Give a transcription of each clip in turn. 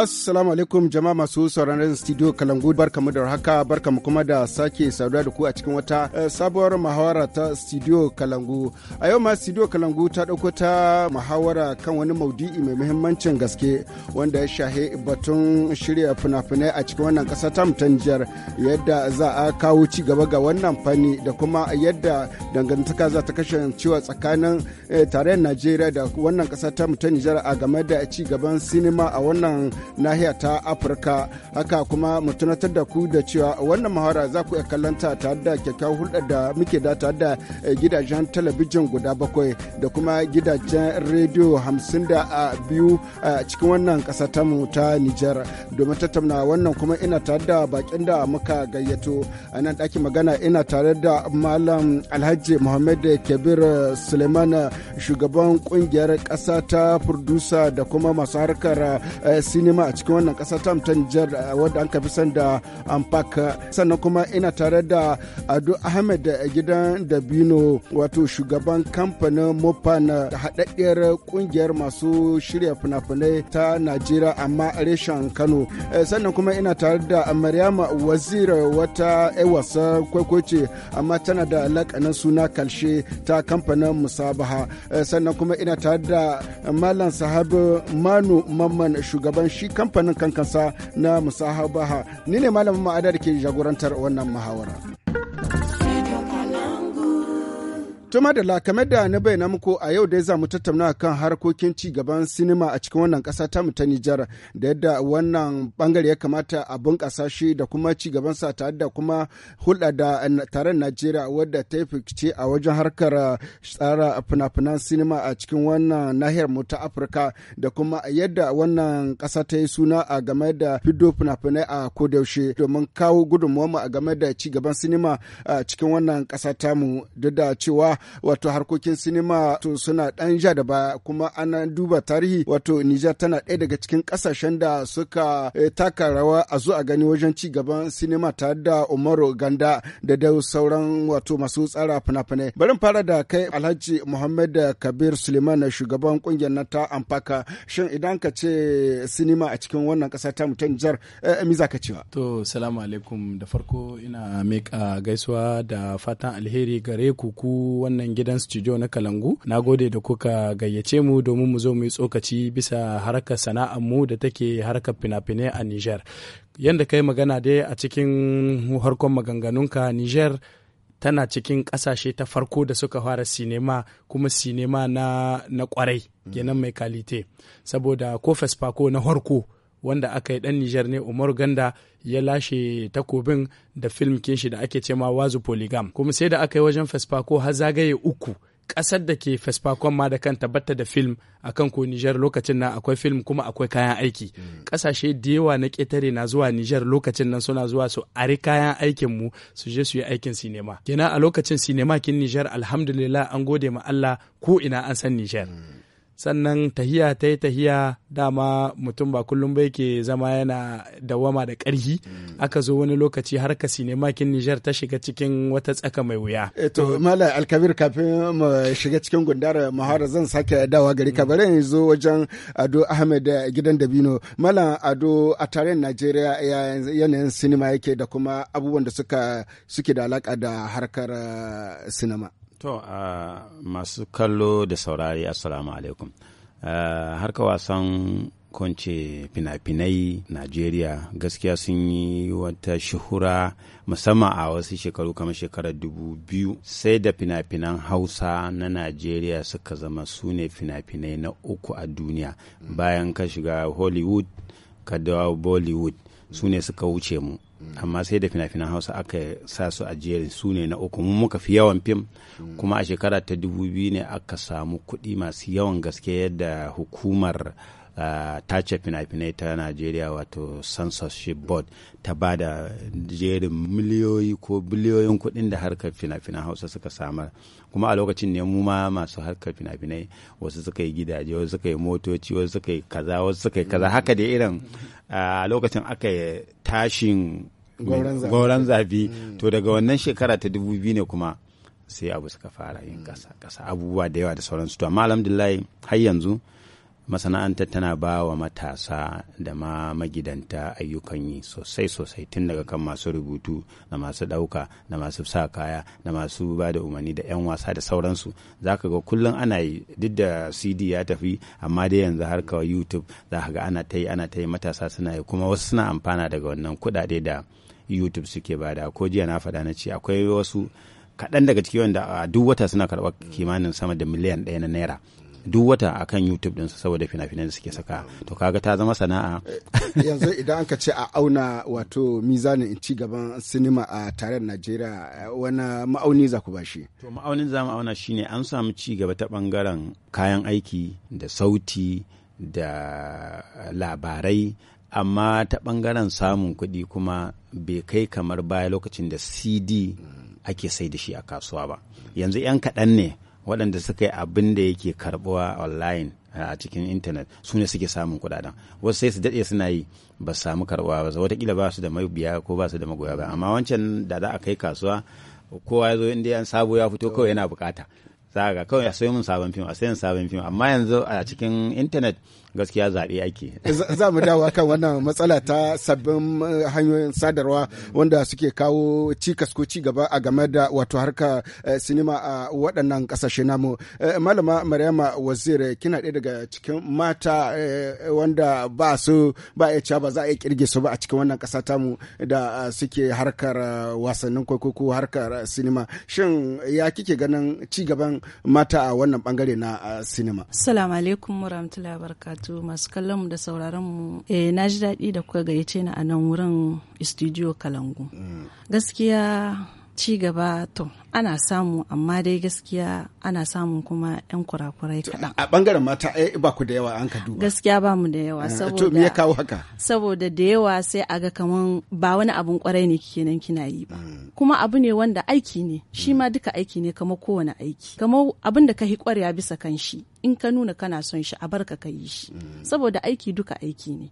Assalamu alaikum jama'a masu sauraron studio Kalangu barkamu da haka barkamu kuma da sake saduwa da ku a cikin wata eh, sabuwar muhawara ta studio Kalangu. A yau ma studio Kalangu ta dauko ta muhawara kan wani maudu'i mai muhimmancin gaske wanda ya shahe batun shirya fina-finai a cikin wannan ƙasa ta mutanjiyar yadda za a kawo ci gaba ga wannan fanni da kuma yadda dangantaka za ta kasance tsakanin eh, tarayyar Najeriya da wannan ƙasa ta mutanjiyar a game da ci gaban sinima a wannan nahiya ta afirka haka kuma mu tunatar da ku da cewa wannan muhawara za ku iya ta tare da kyakkyawar hulɗar da muke da tare da eh, gidajen talabijin guda bakwai da kuma gidajen rediyo hamsin da biyu a cikin wannan ƙasa mu ta nijar domin tattauna wannan kuma ina tare da bakin da muka gayyato a nan ɗakin magana ina tare da malam alhaji muhammad kabir suleiman shugaban ƙungiyar ƙasa ta furdusa da kuma masu harkar eh, nema a cikin wannan kasar ta ta Nijar eh, wadda an kafi san da Ampak sannan kuma ina tare da Ado Ahmed eh, gidan Dabino wato shugaban kamfanin Mopan eh, da haɗaɗɗiyar ƙungiyar masu shirya fina-finai ta Najeriya amma reshen Kano sannan kuma ina tare da Maryama Wazir wata 'yan wasa kwaikwace amma tana da lakanin suna kalshe ta kamfanin Musabaha sannan kuma ina tare da Malam Sahabu Manu Mamman shugaban shi kamfanin kankansa na musahabaha ni ne malamin ma'ada da ke jagorantar wannan muhawara. Tuma da kame da na bayyana muku a yau dai za mu tattauna kan harkokin ci gaban sinima a cikin wannan kasa ta mu ta Nijar da yadda wannan bangare ya kamata a bunƙasa shi da kuma ci gaban sa tare da kuma hulɗa da taron Najeriya wadda ta fice a wajen harkar tsara fina-finan sinima a cikin wannan nahiyar mu ta Afirka da kuma yadda wannan ƙasa ta yi suna a game da fido fina-finai a kodayaushe domin kawo gudunmuwa a game da ci gaban sinima a cikin wannan ƙasa ta duk da cewa wato harkokin sinima to suna ɗan ja da baya kuma ana duba tarihi wato Nijar tana ɗaya daga cikin ƙasashen da suka eh, taka rawa a zo a gani wajen ci gaban sinima tare da Umaru Ganda da da sauran wato masu tsara fina-finai. Bari fara da kai Alhaji Muhammad Kabir Suleiman shugaban kungiyar na ta Amfaka. Shin idan ka ce sinima a cikin wannan ƙasa ta mutum Nijar eh, mi za ka cewa? To salamu alaikum da farko ina mika gaisuwa da fatan alheri gare ku ku wannan gidan studio na Kalangu. Na gode da kuka gayyace mu domin mu zo mu yi tsokaci bisa harkar sana'ar mu da take harkar fina-finai a Niger. Yanda kai magana dai a cikin harkon maganganunka Niger tana cikin ƙasashe ta farko da suka fara sinema kuma sinema na, kwarai mm. kenan mai kalite saboda ko fesfako na harko wanda aka yi dan Nijar ne Umar Ganda ya lashe takobin da film shi da ake cema wazu polygam kuma sai da aka yi wajen fasfako har zagaye uku ƙasar da ke fesfakon ma da kan tabbata da film a kan ko Nijar lokacin nan akwai film kuma akwai kayan aiki. Mm. Ƙasashe da yawa na ƙetare na zuwa Nijar lokacin nan suna zuwa su ari kayan aikin mu su je su yi aikin sinema. Kenan a lokacin sinema kin Nijar alhamdulillah an gode ma Allah ko ina an san Nijar. Mm. sannan tahiya ta yi tahiya dama mutum ba kullum bai yake zama yana dawama da ƙarhi mm. aka zo wani lokaci har ka makin nijar ta shiga cikin wata tsaka mai wuya. eto eh, mala alkabir kafin mu shiga cikin gundar mahara zan sake dawa gari ka mm. bari zo wajen ado ahmed eh, gidan dabino mala ado a tarihin najeriya yanayin sinima yake da kuma abubuwan da suke da alaka da harkar eh, sinima. To, masu kallo da saurari, Assalamu alaikum. harka wasan kwance fina-finai Najeriya gaskiya sun yi wata shuhura musamman a wasu shekaru kamar shekarar dubu biyu sai da fina-finan Hausa na Najeriya suka zama su ne fina-finai na uku a duniya bayan ka shiga Hollywood ka dawo Bollywood su ne suka wuce mu amma sai da fina-finan hausa aka sa su a jerin su ne na uku mun muka fi yawan fim kuma a shekara ta dubu biyu ne aka samu kuɗi masu yawan gaske yadda hukumar Uh, tace fina-finai ta najeriya wato censorship board ta ba da jerin miliyoyi ko biliyoyin kuɗin da harkar fina-finan hausa suka samar kuma a lokacin ne mu ma masu harkar fina-finai wasu suka yi gidaje wasu suka yi motoci wasu suka yi kaza wasu suka yi kaza haka da irin a lokacin aka yi tashin gauran zafi mm. to daga wannan shekara ta dubu biyu ne kuma sai abu suka fara yin kasa kasa abubuwa da yawa da sauransu to amma alhamdulillah har yanzu masana'antar tana ba wa matasa da ma magidanta ayyukan yi sosai sosai tun daga kan masu rubutu da masu ɗauka da masu sa kaya da masu ba da umarni da 'yan wasa da sauransu za ka ga kullum ana yi duk da cd ya tafi amma dai yanzu har kawai youtube za ka ga ana ta yi ana ta yi matasa suna yi kuma wasu suna amfana daga wannan kuɗaɗe da youtube suke bada ko jiya na faɗa na ce akwai wasu kaɗan daga ciki wanda a duk wata suna karɓar kimanin sama da miliyan ɗaya na naira duk wata a kan YouTube ɗinsu saboda fina-finan da suke saka to kaga ta zama sana'a eh, yanzu idan aka ce a auna wato mizanin ci gaban sinima a tarayyar Najeriya eh, wani ma'auni za ku bashi to ma'aunin za mu auna shine an samu ci gaba ta bangaren kayan aiki da sauti da labarai amma ta bangaren samun kuɗi kuma bai kai kamar baya lokacin da cd ake sai da shi a kasuwa ba yanzu 'yan kaɗan ne waɗanda suka yi abin da yake karɓuwa online a cikin intanet su ne suke samun kuɗaɗen wasu sai su daɗe suna yi ba su samu karɓuwa ba watakila ba su da mabiya ko ba su da magoya ba amma wancan da za a kai kasuwa kowa ya zo inda yan sabo ya fito kawai yana bukata za ga kawai a sayo mun sabon fim a sayan sabon fim amma yanzu a cikin intanet gaskiya zaɓe ake. Za mu dawo kan wannan matsala ta sabbin eh, hanyoyin sadarwa wanda suke kawo cikas ko cigaba a game da wato harka eh, sinima a waɗannan ƙasashe namu. Eh, Malama Maryama Wazir kina ɗaya daga cikin mata wanda ba su ba ya ba za a kirge su ba a cikin wannan ƙasa tamu da suke harkar wasannin kwaikwaiko harkar sinima. Shin ya kike ganin cigaban mata a wannan bangare na sinima? salamu alaikum warahmatullahi wabarakatuh. wato masu kallon da sauraron mu eh na ji daɗi da kuka gayyace ni a nan wurin studio Kalangu. Mm. Gaskiya ci gaba to ana samu amma dai gaskiya ana samun kuma yan kurakurai kaɗan a bangaren mata eh, ba ku da yawa an ka duba gaskiya ba mu da yawa saboda eh, me ya kawo haka saboda da yawa sai a ga kaman ba wani abun kwarai ne kenan kina yi ba hmm. kuma abu ne wanda aiki ne shi ma hmm. duka aiki ne kamar kowane aiki kamar abin da ka hi kwarya bisa kan shi in ka nuna kana son shi a barka ka yi shi hmm. saboda aiki duka aiki ne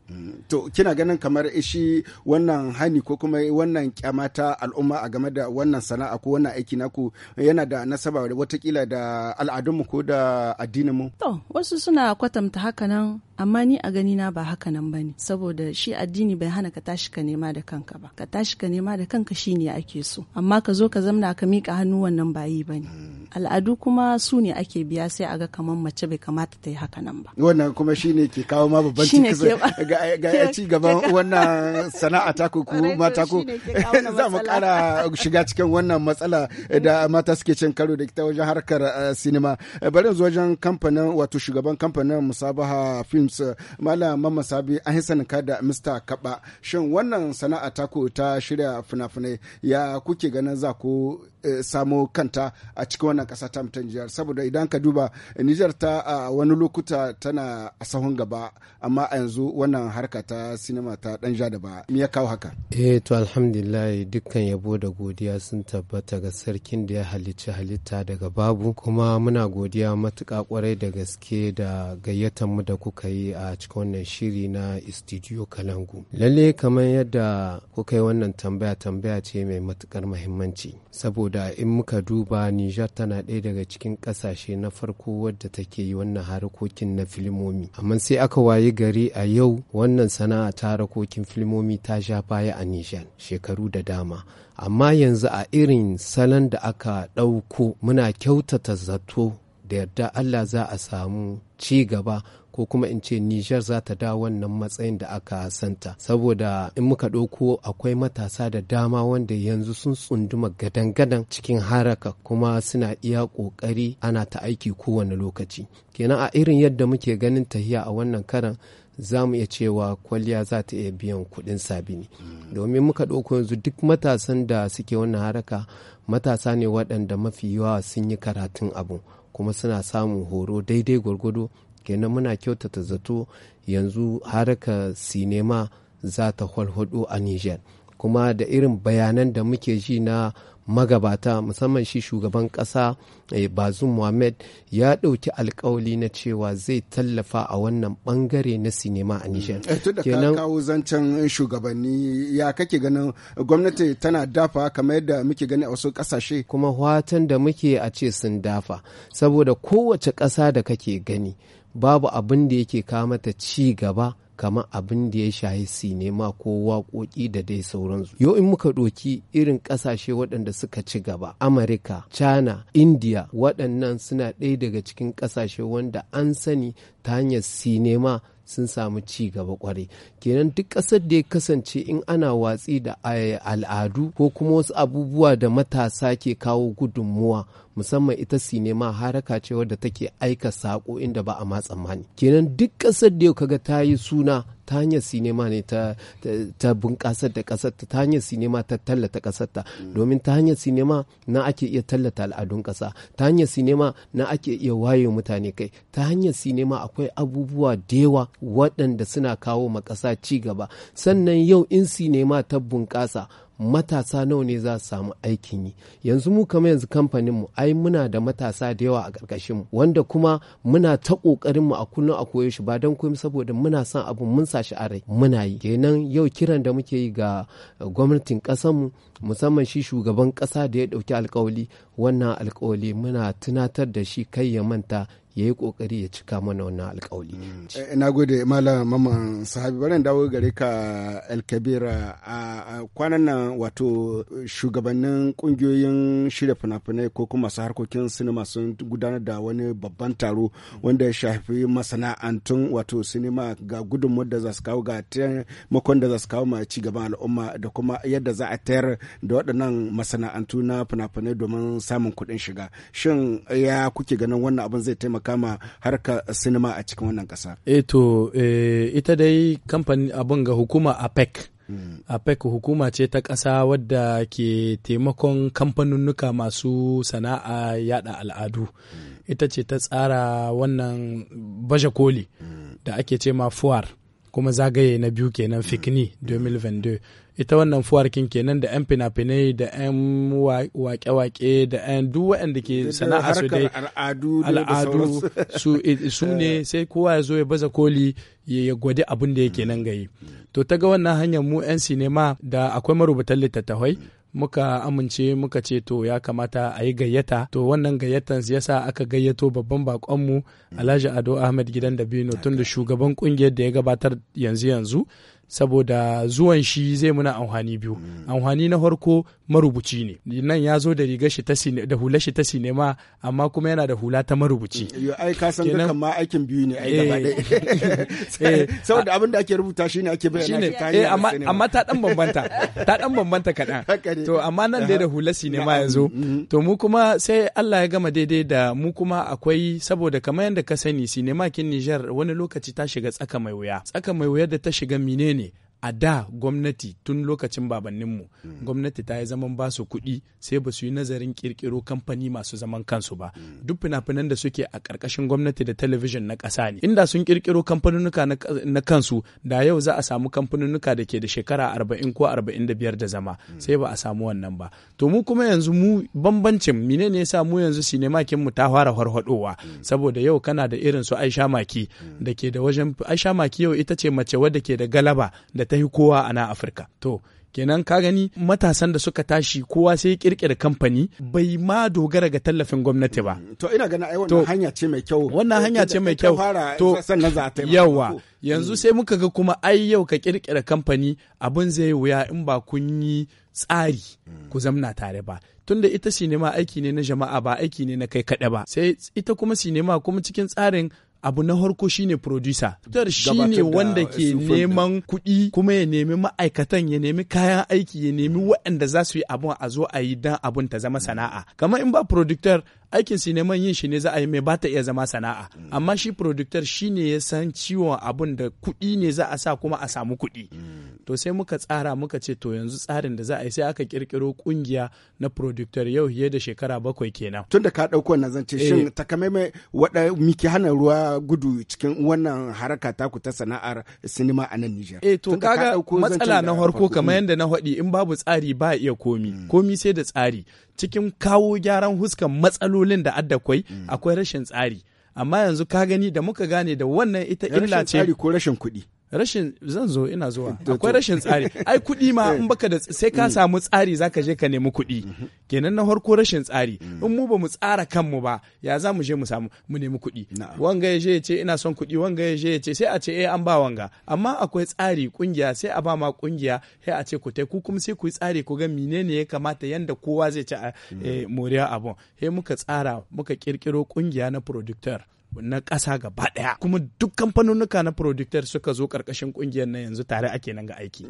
to kina ganin kamar shi wannan hani ko kuma wannan kyamata al'umma a game da wannan sana'a ko wannan aiki na naku yana da nasaba watakila da al'adunmu ko da addininmu? To, wasu suna kwatanta hakanan amma ni a gani na ba haka nan bane saboda shi addini bai hana ka tashi ka nema da kanka ba ka tashi ka nema da kanka shine ake so amma ka zo ka zamna ka mika hannu wannan ba yi bane hmm. al'adu kuma su ne ake biya sai a ga kamar mace bai kamata ta yi haka nan ba wannan kuma shine ke kawo ma babban ga ci gaban wannan sana'a ta ku mata ku za mu kara shiga cikin wannan matsala da mata suke cin karo da ita wajen harkar eh, sinima eh, bari yanzu wajen kamfanin wato shugaban kamfanin musabaha films eh, malam mamman sabi an yi saninka da mr kaba shin wannan sana'a ta ko ta shirya fina-finai ya kuke ganin za ku samo kanta a cikin wannan kasa ta mutan jihar saboda idan ka duba nijar ta a wani lokuta tana a sahun gaba amma a yanzu wannan harka ta sinima ta dan ja da ba ya kawo haka eh to alhamdulillah dukkan yabo da godiya sun tabbata ga sarki bakin da ya halicci halitta daga babu kuma muna godiya matuƙa kwarai da gaske da gayyatar mu da kuka yi a cikin wannan shiri na studio kalangu lalle kamar yadda kuka yi wannan tambaya tambaya ce mai matuƙar mahimmanci saboda in muka duba niger tana ɗaya daga cikin ƙasashe na farko wadda take yi wannan harkokin na filimomi amma sai aka wayi gari a yau wannan sana'a ta harkokin filimomi ta sha baya a niger shekaru da dama amma yanzu a irin salon da aka ɗauko muna kyautata zato da yarda Allah za a samu ci gaba ko kuma in ce Nijar za ta da wannan matsayin da aka santa saboda in muka ɗauko akwai matasa da dama wanda yanzu sun tsunduma gadan-gadan cikin haraka kuma suna iya ƙoƙari ana ta aiki kowane lokaci kenan a irin yadda muke ganin tahiya a wannan karan za mu iya cewa kwalliya za ta iya biyan kuɗin sabini domin muka ɗauko yanzu duk matasan da suke wannan haraka matasa ne waɗanda mafi yawa sun yi karatun abu kuma suna samun horo daidai gwargwado kenan muna kyautata zato yanzu haraka sinema za ta a kuma da irin bayanan da muke ji na magabata musamman shi shugaban ƙasa eh, bazum muhammad ya ɗauki alkawali na cewa zai tallafa a wannan bangare na sinima a nijar eh, kenan kawo zancen shugabanni ya kake ganin gwamnati tana dafa kamar yadda muke gani a wasu kasashe. kuma watan da muke a ce sun dafa saboda kowace ƙasa da kake gani babu abin da yake kawo mata ci gaba kamar abin da ya shahi sinema ko waƙoƙi da dai sauransu yau in muka ɗoki irin ƙasashe waɗanda suka ci gaba Amurika, china india waɗannan suna ɗaya daga cikin ƙasashe wanda an sani ta hanyar sinema sun samu ci gaba kwarai kenan duk ƙasar da ya kasance in ana watsi da eh, al'adu ko kuma wasu abubuwa da matasa ke kawo gudunmuwa musamman ita sinema haraka ce wadda take aika sako inda ba a ma tsammani kenan duk ƙasar da yau kaga ta yi suna ta hanyar sinema ne ta, bunƙasar da ƙasar ta hanyar sinema ta tallata ta mm. domin ta hanyar sinema na ake iya tallata al'adun ƙasa ta hanyar sinema na ake iya waye mutane kai ta hanyar sinema akwai abubuwa da yawa waɗanda suna kawo ma ƙasa ci gaba sannan yau in sinema ta bunƙasa matasa nawa ne za su samu aikin yi yanzu mu kamar yanzu kamfaninmu ai muna da matasa da yawa a ƙarƙashinmu wanda kuma muna ta ƙoƙarin mu a kullum a koyo shi ba don komai saboda muna son abu mun sa shi a rai muna yi kenan yau kiran da muke yi ga gwamnatin ƙasarmu musamman shi shugaban ƙasa da ya ɗauki alkawali wannan alkawali muna tunatar da shi kai ya manta ya yi kokari ya cika mana wannan alkawali. Eh, na gode mala maman sahabi bari dawo gare ka alkabira a kwanan nan wato shugabannin kungiyoyin shirya fina-finai ko kuma masu harkokin sinima sun gudanar da wani babban taro wanda ya shafi masana'antun wato sinima ga gudunmu da za su kawo ga makon da za su kawo ma ci gaban al'umma da kuma yadda za a tayar da waɗannan masana'antu na fina-finai domin samun kuɗin shiga shin ya kuke ganin wannan abin zai taimaka kama sinima a cikin wannan kasa. Eto, eh to eh, ita dai kamfani abin ga hukuma APEC. Mm. apec hukuma ce ta ƙasa wadda ke taimakon kamfanunnuka masu sana'a yada al'adu hmm. ita ce ta tsara wannan baje koli hmm. da ake ce ma fuwar kuma zagaye na biyu kenan fikni 2022 ita wannan fuwarkin kenan da 'yan fina-finai da 'yan wake-wake da 'yan duk waɗanda ke sana'a su dai al'adu eh, su ne eh. sai kowa ya zo ya baza koli ya gwadi abin da yake nan gayi to ta ga wannan hanyar mu 'yan sinema da akwai marubutan littattafai muka amince muka ce to ya kamata a yi gayyata to wannan gayyatan ya sa aka gayyato babban bakonmu mm. Alhaji Ado Ahmed Gidan Dabino tun da shugaban kungiyar da ya gabatar yanzu yanzu saboda zuwan shi zai muna amfani biyu mm. amfani na farko marubuci ne nan ya zo da rigar shi da hula shi ta sinema amma kuma yana da hula ta marubuci mm. yo ai ka san dukan ma aikin biyu ne ai gaba ɗaya eh. Eh. saboda abin da ake rubuta shi ne ake bayyana ta ne eh, amma amma ta dan bambanta ta dan bambanta kaɗan to amma nan dai da hula sinema ya zo mm-hmm. to mu kuma sai Allah ya gama daidai da mu kuma akwai saboda kamar yadda ka sani sinema kin Niger wani lokaci ta shiga tsaka mai wuya tsaka mai wuya da ta shiga mine gani a da gwamnati tun lokacin babanninmu mm. gwamnati ta yi zaman ba su kuɗi sai ba su yi nazarin kirkiro kamfani masu zaman kansu ba mm. duk fina-finan da suke a ƙarƙashin gwamnati da talabijin na ƙasa ne inda sun kirkiro kamfanunuka na kansu da yau za a samu kamfanunuka da ke da shekara arba'in ko arba'in da biyar da zama mm. sai ba a samu wannan ba to mu kuma yanzu mu bambancin mine ne yasa mu yanzu sinemakin mu ta fara harhaɗowa saboda yau kana da irin su aisha maki da ke da wajen aisha maki yau ita ce mace wadda ke da galaba da ta yi kowa a na afirka to kenan ka gani matasan da suka tashi kowa sai kirkira kamfani bai ma dogara ga tallafin gwamnati ba to ina gana ai wannan hanya ce mai kyau wannan hanya ce mai kyau to sannan yawa yanzu mm. sai muka ga kuma ai yau ka kirkira kamfani abin zai wuya in ba kun yi tsari ku mm. zamna tare ba tunda ita sinema aiki ne na jama'a ba aiki ne na kai kaɗa ba sai ita kuma sinema kuma cikin tsarin abu na harko shine producer shi shine wanda ke neman kuɗi kuma ya nemi ma'aikatan ya nemi kayan aiki ya nemi waɗanda za su yi abun a zo a yi dan abun ta zama sana'a kamar in ba producer aikin sineman yin shi ne za a yi mai ba ta iya zama sana'a mm. amma shi productor shi ne ya san ciwon abun da kuɗi ne za a sa kuma a samu kuɗi mm. to sai muka tsara muka ce to yanzu tsarin da za a yi sai aka kirkiro kungiya na productor yau fiye da shekara bakwai kenan tun da ka ɗauko wannan zance eh. shin takamaimai wada miki hana ruwa gudu cikin wannan haraka taku ta sana'ar sinima a nan Nijar eh to kaga matsala na harko kamar mm. yadda na haɗi in babu tsari ba iya komi komi sai da tsari cikin kawo gyaran huskan matsaloli matsalolin da addakwai mm. akwai rashin tsari amma yanzu ka gani da muka gane da wannan ita illa ce ko rashin kuɗi rashin zan zo ina zuwa akwai rashin tsari ai kuɗi ma eh. in baka da sai ka mm. samu tsari zaka je ka nemi kuɗi mm-hmm. kenan na farko rashin tsari mm. in mu bamu tsara kanmu ba ya za mu je mu samu mu nemi kuɗi wanga ya je ya ce ina son kuɗi wanga ya je ya ce sai a ce eh an ba wanga amma akwai tsari kungiya sai a ba ma kungiya sai a ce ku tai ku kuma sai ku yi tsari ku ga menene ya kamata yanda kowa zai ci a eh, mm. moriya abun sai muka tsara muka kirkiro kungiya na producteur na ƙasa gaba ɗaya kuma duk kamfanonuka na producteur suka zo ƙarƙashin ƙungiyar nan yanzu tare ake nan ga aiki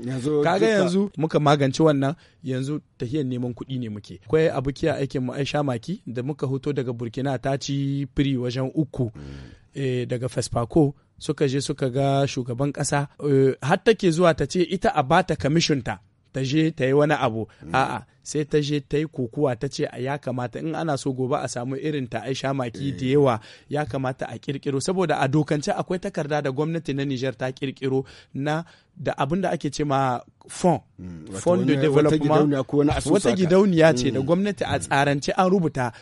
kaga yanzu muka magance wannan yanzu tahiyar neman kuɗi ne muke akwai abu a aikin mu aisha maki da muka hoto daga burkina ta ci firi wajen uku eh, daga fesfako suka je suka ga shugaban ƙasa eh, har take zuwa ta ce ita a bata kamishinta ta je ta yi wani abu mm. a'a sai ta je ta yi kokowa ta ce ya kamata in ana so gobe a samu irin ta aisha maki da eh. yawa ya kamata a kirkiro saboda a dokance akwai takarda da gwamnati na Nijar ta kirkiro na da abin da ake ce ma fond hmm, fond de development wata gidauniya ce hmm. da gwamnati a hmm. tsarance an rubuta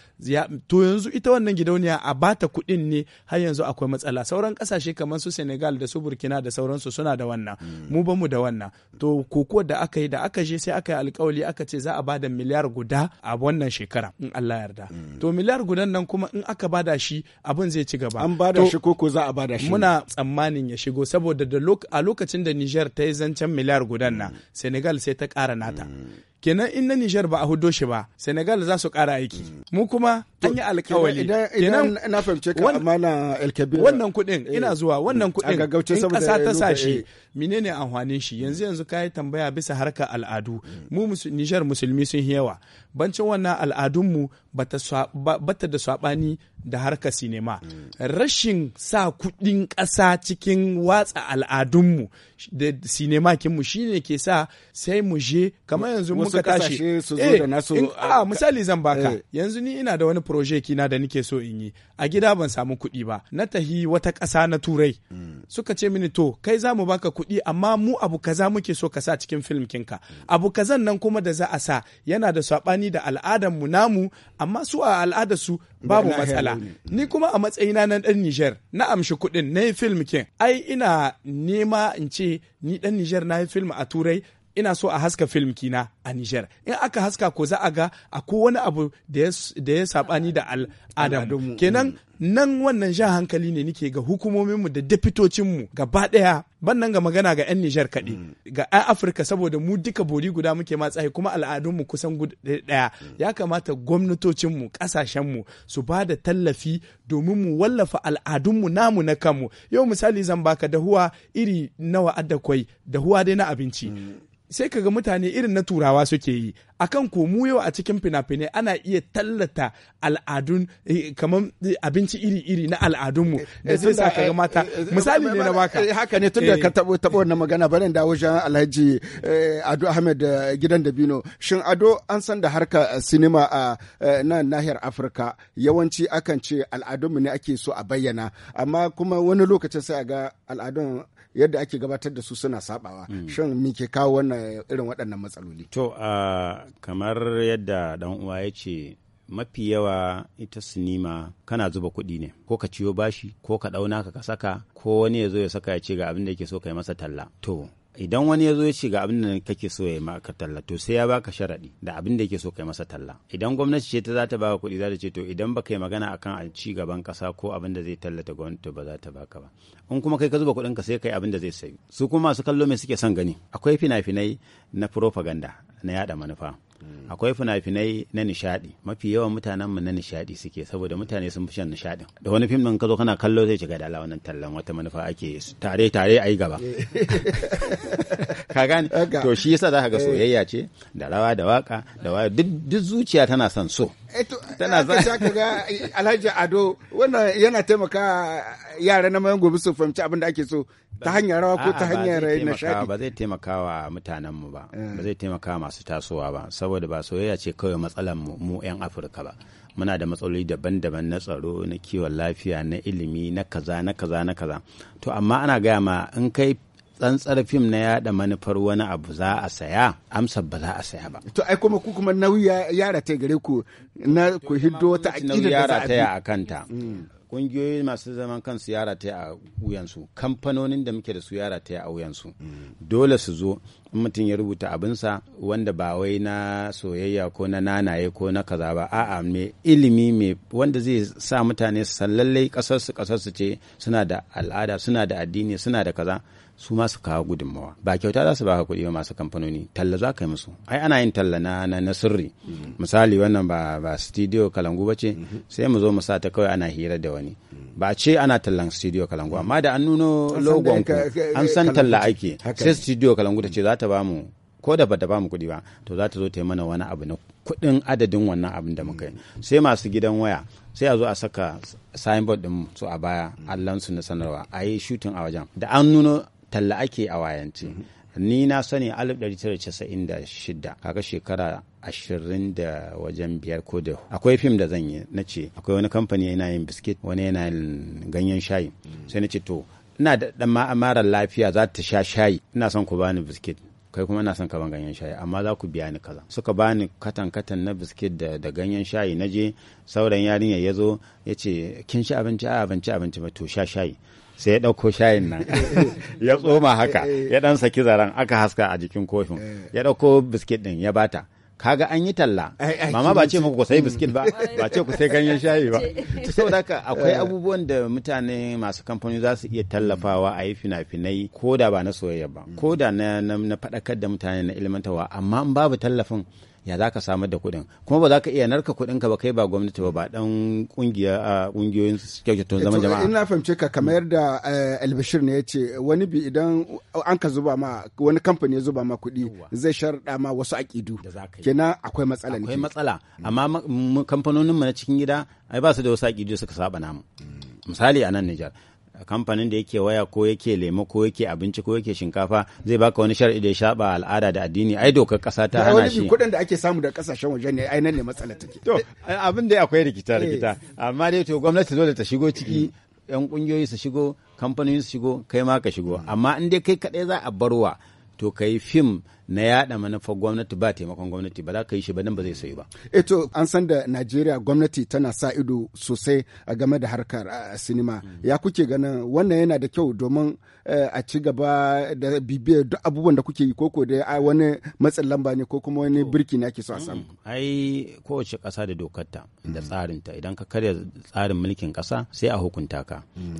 to yanzu ita wannan gidauniya a bata kuɗin ne har yanzu akwai matsala sauran kasashe kamar su senegal da su burkina da sauransu suna da wannan mu ba mu da wannan to koko da aka yi da aka je sai aka yi alkawali aka ce za a bada miliyar guda a wannan shekara in allah yarda to miliyar gudan nan kuma in aka bada shi abin zai ci gaba an bada shi koko za a bada shi muna tsammanin ya shigo saboda a lokacin da niger nijar ta yi zancen miliyar gudan na senegal sai ta ƙara nata kenan in na Niger ba a hudo shi ba Senegal za su kara aiki mu kuma an yi alkawali kenan na fahimce ka amana wannan kuɗin eh, ina zuwa wannan kuɗin in ƙasa ta sa shi menene amfanin shi yanzu yanzu ka yi tambaya bisa harka al'adu mu Niger musulmi sun yawa bancin wannan al'adunmu bata da saɓani da harka sinema rashin sa kudin ƙasa cikin watsa al'adunmu da sinema mu shine ke sa sai mu je kamar yanzu muka suka tashi su zo eh, da nasu a misali zan baka eh. yanzu ni ina da wani proje kina da nike so in yi a gida ban samu kuɗi ba na tahi wata ƙasa na turai hmm. suka ce mini to kai za mu baka kuɗi amma mu abu kaza muke so ka sa cikin film kinka hmm. abu kazan nan kuma da za a sa yana da saɓani da al'adar mu namu amma su a al'adar su babu matsala ni kuma a matsayina na ɗan Nijar na amshi kuɗin na yi film kin ai ina nema in ce ni ɗan Nijar na yi film a turai ina so a haska film kina a nijar in aka haska ko za a ga akwai wani abu da ya sabani da al'adar kenan mm. nan wannan shan hankali ne nike ga hukumominmu da mu gaba ɗaya ban nan ga magana ga 'yan Nijar kaɗi mm. ga 'yan Afirka saboda mu duka bori guda muke matsayi kuma al'adunmu kusan ɗaya mm. ya kamata gwamnatocinmu ƙasashenmu su ba da tallafi domin mu wallafa al'adunmu namu na kanmu yau misali zan baka dahuwa iri nawa adda kwai dahuwa dai na abinci sai kaga mutane irin na turawa suke yi akan ko mu yau a cikin fina-finai ana iya tallata al'adun eh, kamar abinci iri-iri na al'adunmu eh, da eh, zai sa kaga mata misali ne na baka haka ne tunda ka taɓo wannan magana barin da wajen Alhaji Ado Ahmed gidan Dabino shin Ado an san da harka sinima a nan nahiyar Afirka yawanci akan ce al'adunmu ne ake so a bayyana amma kuma wani lokacin sai a ga al'adun yadda ake gabatar da su suna sabawa mm. shin me kawo wannan irin waɗannan matsaloli to ah, kamar yadda dan uwa ya ce mafi yawa ita sinima kana zuba kuɗi ne ko ka ciyo bashi ko ka ɗauna ka saka ko wani ya zo ya saka ya ce ga abin da yake so ka yi masa talla to idan wani ya zo ya ce ga abin da kake so ya maka talla to sai ya baka sharaɗi da abin da yake so kai masa talla idan gwamnati ce ta za ta baka kuɗi za ta ce to idan baka yi magana akan a ci gaban ƙasa ko abin da zai tallata gwamnati ba za ta baka ba in kuma kai ka zuba kuɗin ka sai kai abin da zai sayu su kuma masu kallo me suke son gani akwai fina-finai na propaganda na yada manufa Mm. akwai fina-finai na nishaɗi mafi yawan mutanen mu na nishaɗi suke saboda mutane sun fi shan nishadin da wani fim din ka zo kana kallo zai shiga da wannan tallan wata manufa ake tare tare ayi gaba ka gane to shi yasa zaka ga eh. soyayya ce da rawa da waka da waya duk zuciya tana son so eh, tana za ka ga Alhaji Ado wannan yana taimaka yara na mayan gobe su fahimci abin da ake so ta hanyar rawa ko ta hanyar nishaɗi ba zai taimaka wa mutanen mu ba eh. ba zai taimaka masu tasowa ba saboda ba soyayya ce kawai matsalar mu mu yan afirka ba muna da matsaloli daban-daban na tsaro na kiwon lafiya na ilimi na kaza na kaza na kaza to amma ana gaya ma in kai tsantsar fim na yada manufar wani abu za a saya amsa ba za a saya ba to ai kuma ku kuma nauyi yara ta gare ku na ku hiddo wata aqida da za a kanta mm. kungiyoyi masu zaman kansu ya rataya a wuyansu kamfanonin da muke da su ya rataya a wuyansu mm. dole su zo in mutum ya rubuta abinsa wanda ba wai na soyayya ko na nanaye ko na kaza ba a'a me ilimi me wanda zai sa mutane su san lallai kasarsu kasarsu ce suna da al'ada suna da addini suna da kaza su ma su kawo gudunmawa ba kyauta za su baka kuɗi ba masu kamfanoni talla za ka yi musu ai ana yin talla na na, na sirri mm-hmm. misali wannan ba ba studio kalangu ba ce mm-hmm. sai mu zo mu sa ta kawai ana hira da wani mm-hmm. ba ce ana tallan studio kalangu amma da an nuno logon ku an san talla ake sai studio kalangu ta ce za ta ba mu ko da bata ba mu kuɗi ba to za ta zo ta yi mana wani abu na kuɗin adadin wannan abin da muka yi sai masu gidan waya sai a zo a saka signboard din su a baya allansu na sanarwa a yi shooting a wajen da an nuno talla ake a wayance ni na sani 1996 kaga shekara ashirin da wajen biyar ko da akwai fim da zan yi na ce akwai wani kamfani yana yin biskit wani yana yin ganyen shayi sai na ce to ina da dan ma'amarar lafiya za ta sha shayi ina son ku bani biskit kai kuma na son ka ganyen shayi amma za ku biya ni kaza suka bani katan katan na biskit da, da ganyen shayi na je sauran yarinya ya zo ya ce kin ci abinci a abinci abinci ba to sha shayi sai ya ɗauko shayin nan ya tsoma haka ya ɗan saki zaren aka haska a jikin kofin eh. ya ɗauko biskit ɗin ya bata kaga an yi talla mama ba ce muku ku sai biskit ba ba ce ku sai ganyen shayi ba saboda haka akwai eh. abubuwan da mutane masu kamfani za su iya tallafawa a yi fina-finai ko da ba na soyayya ba mm. ko da na faɗakar da mutane na ilmantarwa amma in babu tallafin ya za ka samar da kuɗin kuma ba za ka iya narka kuɗin ka ba kai ba gwamnati ba ba dan kungiya a kungiyoyin kyautata zaman eh, eh, jama'a ina fahimce ka kamar da eh, albashir ne ya ce wani bi idan an ka zuba ma wani kamfani ya zuba ma kuɗi zai sharɗa ma wasu aƙidu kenan akwai matsala akwai matsala amma kamfanonin mu na cikin gida ai ba su da wasu aƙidu suka saba namu mm. misali a nan Nijar kamfanin da yake waya ko yake lemo ko yake abinci ko yake shinkafa zai baka wani shar'i da ya shaba al'ada da addini ai dokar kasa ta hana shi kuɗin da ake samu da kasashen waje ne ai nan ne matsala take to abin da akwai rikita eh. rikita amma dai to gwamnati dole ta shigo ciki yan eh. kungiyoyi su shigo kamfanoni su shigo kai ma ka shigo amma in dai kai kadai za a barwa to kai fim na yada manufar gwamnati ba taimakon gwamnati ba za ka yi shi ba nan ba zai sayi ba. Eto eh, an san da Najeriya gwamnati tana sa ido sosai a game da harkar ah, sinima. Mm. Ya kuke ganin wannan yana da kyau domin eh, a ci gaba da bibiyar duk abubuwan da kuke yi koko da ah, wani matsin lamba ne ko kuma wani birki na ake so a samu. Mm, ai kowace ƙasa da dokarta da mm. tsarinta idan ka karya tsarin mulkin ƙasa sai a hukunta ka.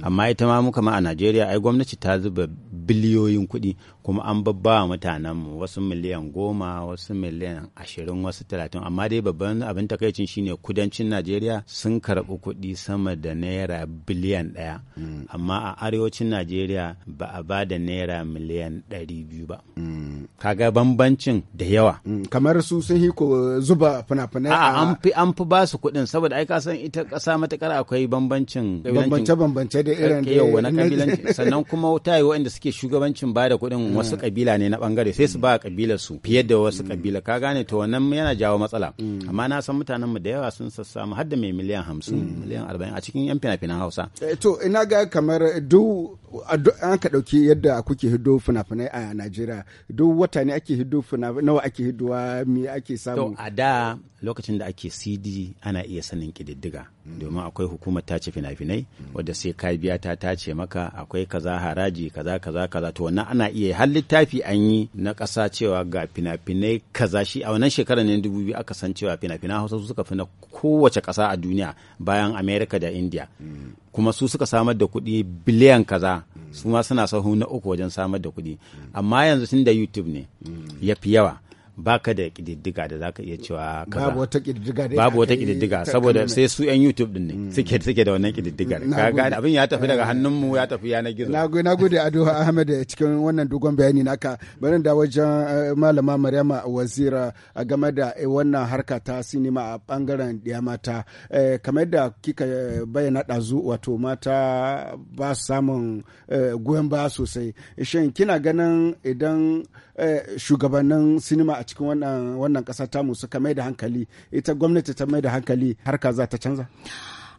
Amma ita ma muka ma a Najeriya ai gwamnati ta zuba biliyoyin kuɗi kuma an babba mutanenmu wasu wasu miliyan goma wasu miliyan ashirin wasu talatin amma dai babban abin takaicin shine kudancin najeriya sun karɓi kuɗi sama da naira biliyan ɗaya mm. amma a arewacin najeriya ba a ba da naira miliyan ɗari biyu ba mm. kaga bambancin da yawa mm. kamar su sun hiko zuba fina-finai an fi ba su kuɗin saboda ai ka san ita ƙasa matakar akwai bambancin bambance-bambance da irin da sannan kuma ta yi waɗanda suke shugabancin ba da kuɗin wasu kabila ne na bangare sai su ba kabilar su fiye da wasu kabila ka gane to wannan yana jawo matsala amma na san mutanen mu da yawa sun sassamu har da mai miliyan hamsin miliyan arba'in a cikin yan fina-finan hausa eh, to ina ga kamar duk an ka ɗauki yadda kuke hiddo fina-finai a najeriya duk wata ne ake hiddo nawa ake hiddowa me ake samu to a da lokacin da ake cd ana iya sanin kididdiga domin akwai hukumar tace fina-finai wadda sai ka biya ta tace maka akwai kaza haraji kaza kaza kaza to wannan ana iya har littafi an yi na ƙasa cewa ga fina-finai kaza shi a wannan shekarar ne dubu biyu aka san cewa fina-finan hausa suka fi na kowace kasa a duniya bayan amerika da india kuma su suka samar da kuɗi biliyan kaza su ma suna sahu na uku wajen samar da kuɗi amma yanzu tun da youtube ne ya fi yawa baka da kididdiga da zaka iya cewa babu wata kididdiga da babu wata kididdiga saboda sai su yan YouTube din ne mm. suke suke da wannan kididdigar kaga abin ya tafi daga hannun mu ya tafi yana gizo nagode nagode Ado Ahmed cikin wannan dogon bayani naka bari da wajen eh, malama Maryama Wazira A game da eh, wannan harka ta sinima a bangaren diya mata eh, kamar yadda kika bayyana dazu wato mata ba samun goyon ba sosai shin kina ganin idan shugabannin sinima a cikin wannan wannan ta tamu suka mai da hankali ita gwamnati ta mai da hankali harka za ta canza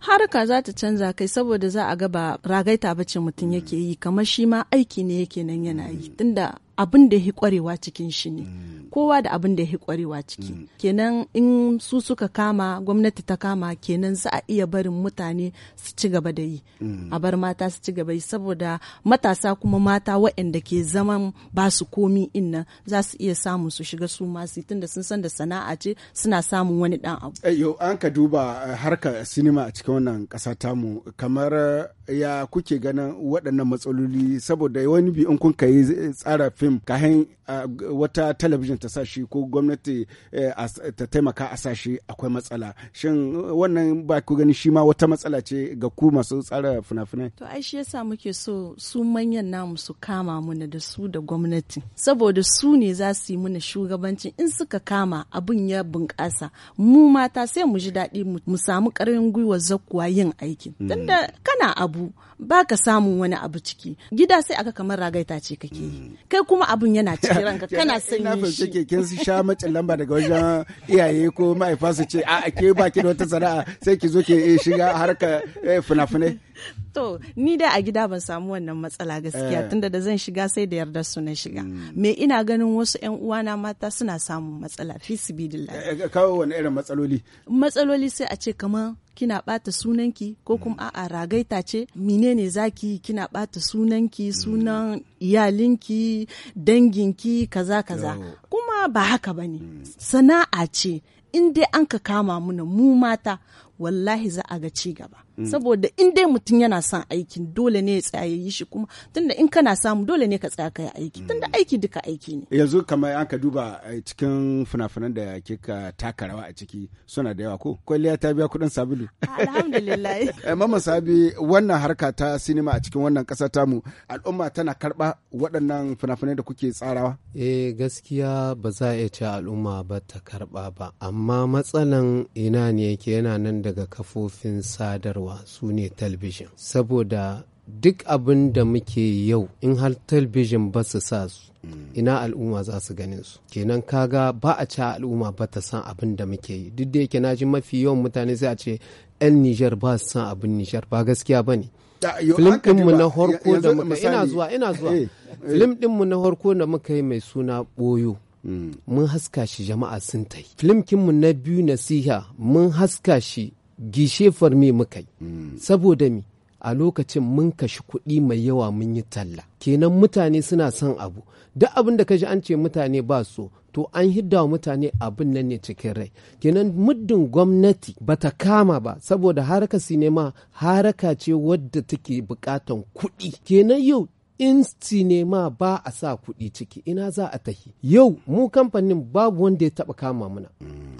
harka za ta canza kai saboda za a ga ba ragaita bace mutum yake yi kamar shi ma aiki ne yake nan yana yi tunda abin da ya kwarewa cikin shi ne mm. kowa da abin da ya kwarewa ciki mm. kenan in su suka kama gwamnati ta kama kenan za a iya barin mutane su ci gaba da yi mm. a bar mata su ci gaba yi saboda matasa kuma mata waɗanda ke zaman ba su komi inna za su iya samun su shiga su masu tunda sun san da sana'a ce suna samun wani dan abu. Eh, Yau an ka duba eh, harkar sinima a cikin wannan ƙasa tamu kamar ya kuke ganin waɗannan matsaloli saboda wani bi in kun yi tsara fim kahin wata talabijin ta sashi ko gwamnati eh, ta taimaka a sashi akwai matsala shin wannan ba ku gani shi ma wata matsala ce ga ku masu tsara fina-finai to ai shi yasa muke so su manyan namu su kama muna da su da gwamnati saboda su ne za su yi muna shugabancin in suka kama abin ya bunƙasa mu mata sai mu ji daɗi mu samu ƙarfin gwiwa zakuwa yin aikin hmm. tunda kana abu abu ba ka samun wani abu ciki gida sai aka kamar ragaita ce kake yi mm. kai kuma abun yana cikin ranka kana son shi. shi ke kin sha macin lamba daga wajen iyaye ko ma'aifa su ce a ke ba ki da wata sana'a sai ki zo ki eh, shiga harka eh, fina-finai to ni da a gida ban samu wannan matsala gaskiya eh. tunda da zan shiga sai da yarda su na shiga mm. me ina ganin wasu yan uwana mata suna samun matsala fi sibidillah kawo wani irin matsaloli matsaloli sai a ce kamar kina bata sunanki ko kuma mm. a'a ragaita ce menene zaki kina ɓata sunanki mm. sunan iyalinki danginki kaza kaza kuma ba haka ba ne mm. sana'a ce in dai an ka kama muna mu mata wallahi za a ga ci gaba Mm. saboda in dai mutum yana son aikin dole ne ya tsaya ya yi shi kuma tunda in kana samu dole ne ka tsaya ka yi aiki tunda mm. aiki duka aiki ne yanzu kamar an ka duba eh, cikin fina-finan da kika taka rawa a ciki suna da yawa ko kwalliya ta biya kuɗin sabulu alhamdulillah eh, mama sabi wannan harka ta sinima a cikin wannan kasa tamu al'umma tana karɓa waɗannan fina-finai da kuke tsarawa eh gaskiya ba za a ce al'umma ba ta karɓa ba amma matsalan ina ne yake yana nan daga kafofin sadarwa kawowa su ne talbijin saboda duk abin da muke yau in har talbijin ba su sa su ina al'umma za su ganin su kenan kaga ba a ci al'umma ba ta san abin da muke yi duk da yake na ji mafi yawan mutane sai a ce 'yan nijar ba su san abin nijar ba gaskiya ba ne film dinmu na harko da muka ina zuwa ina zuwa eh, eh. film na harko da muka yi mai suna boyo mm. mun haska shi jama'a sun tai film kinmu na biyu nasiha mun haska shi gishe farme muka yi mm. saboda mi a lokacin mun kashi kuɗi mai yawa mun yi talla kenan mutane suna son abu duk abin da kashi an ce mutane ba so to an hidda wa mutane abin nan ne cikin rai kenan muddin gwamnati ba ta kama ba saboda haraka sinema haraka ce wadda take bukatan kuɗi kenan yau in sinema ba a sa kuɗi ciki ina za a tahi yau mu kamfanin babu wanda ya taɓa kama muna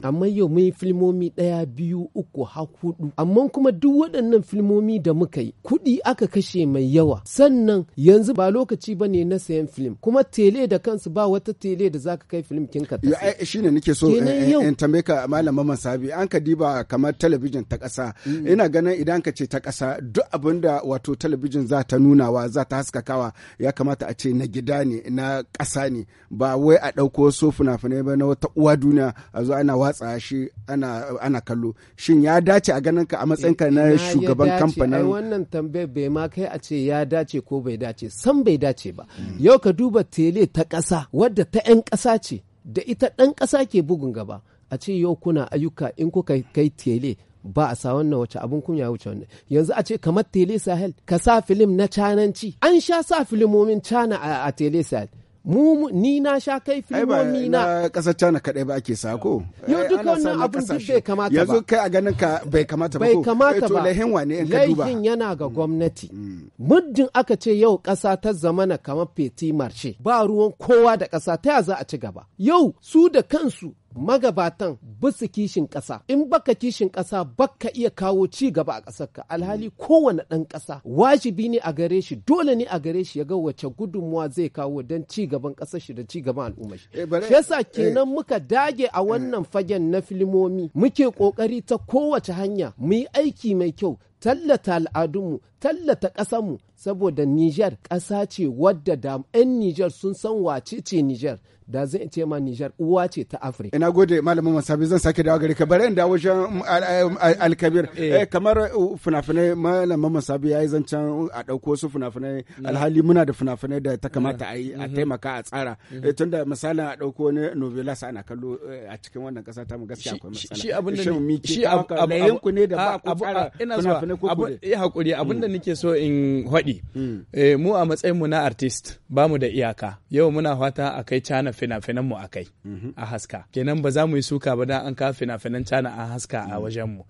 amma yau mun yi filmomi ɗaya biyu uku har hudu amma kuma duk waɗannan filmomi da muka yi kuɗi aka kashe mai yawa sannan yanzu ba lokaci ba ne na sayan film kuma tele da kansu ba wata tele da zaka kai film kinka ta shi ne nake so in tambaye ka malam maman sabi an ka diba kamar talabijin ta ƙasa mm. ina ganin idan ka ce ta ƙasa duk abinda wato talabijin za ta nunawa za ta haskakawa ya kamata a ce na gida ne na ƙasa ne ba wai a ɗauko so fina-finai ba na wata uwa duniya a zo ana watsa shi ana, kallo shin ya dace a ganin ka a matsayinka na eh, shugaban kamfanin wannan tambayar bai ma kai a ce ya dace ko bai dace san bai dace ba yau ka duba tele ta ƙasa wadda ta 'yan ƙasa ce da ita ɗan ƙasa ke bugun gaba a ce yau kuna ayyuka in kuka kai tele ba a sa wannan wace abun kunya wuce wannan yanzu a ce kamar tele sahel ka sa filim na cananci an sha sa filimomin cana a, tele sahel mu ni na sha kai filimomi na kasar Cana kadai ba ake sako yau duk wannan abun duk bai kamata ba yanzu kai a ganin ka bai kamata ba bai kamata eh, ba laihin wane in ka duba laihin yana ga mm. gwamnati mm. muddin aka ce yau kasa ta zamana kamar feti marshe ba ruwan kowa da kasa ta za a ci gaba yau su da kansu magabatan bisa kishin ƙasa in baka kishin ƙasa baka iya kawo ci gaba a ƙasarka alhali kowane ɗan ƙasa wajibi ne a gare shi dole ne a gare shi ya ga wace gudunmuwa zai kawo don ci gaban ƙasar shi da ci gaban al'umma eh, shi yasa eh. kenan muka dage a wannan fagen na filimomi muke ƙoƙari ta kowace hanya mu yi aiki mai kyau tallata al'adunmu tallata ƙasanmu saboda Nijar ƙasa ce wadda da 'yan Nijar sun san wace ce Nijar da zai ce ma Nijar uwa ce ta Afirka. Ina gode malamin Masabi zan sake dawo gari ka bari in wajen um, Alkabir. Um, eh. eh, kamar uh, funafunai malamin Masabi ya yi zancen a ɗauko su funafunai mm. alhali muna da funafunai da ta kamata a yi a mm-hmm. taimaka a tsara. Mm-hmm. Eh, tun da misali a ɗauko wani sa ana kallo a cikin wannan ƙasa ta mu gaskiya akwai matsala. Shi abin da ne. Shi abin da ne. Shi abin da ne. ya eh, hakuri abinda da hmm. nake so in haɗi hmm. eh, mu a matsayin mu na artist ba mu da iyaka yau muna fata a kai cana fina-finan mu a kai mhm. a haska kenan ba za mu yi suka ba dan an ka fina-finan cana a haska a hmm. wajenmu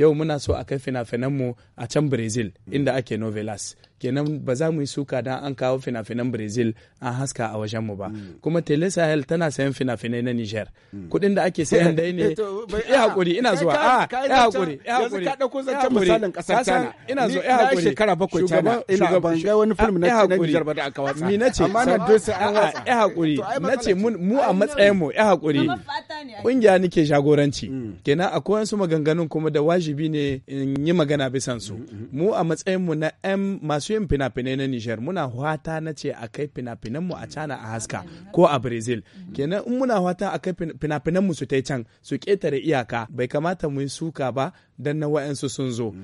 yau muna so a kai fina-finan mu a can Brazil inda ake novelas kenan ba za mu yi suka dan an kawo fina-finan brazil an haska a wajen mu ba mm. kuma tele sahel tana sayan fina-finai na niger mm. kuɗin da ake sayan dai ne eh, ya hakuri ina zuwa a ya hakuri ya hakuri ka dauko ah, zancen misalin kasar tana ina zuwa ya hakuri shekara bakwai tana ina ban ga wani film na niger ba da aka watsa mi nace amma na dosa an watsa ya hakuri nace mu a matsayin mu ya hakuri kungiya nake jagoranci mm. kenan akwai wasu maganganun kuma da wajibi ne in yi magana bisan su mm-hmm. mu a matsayin mu na m masu shirye fina-finai na Nijar muna wata na ce a kai fina-finanmu a cana a haska ko a Brazil. Kenan in muna hwata a kai fina-finanmu su ta can su ketare iyaka bai kamata mu yi suka ba don na wa'yansu sun zo.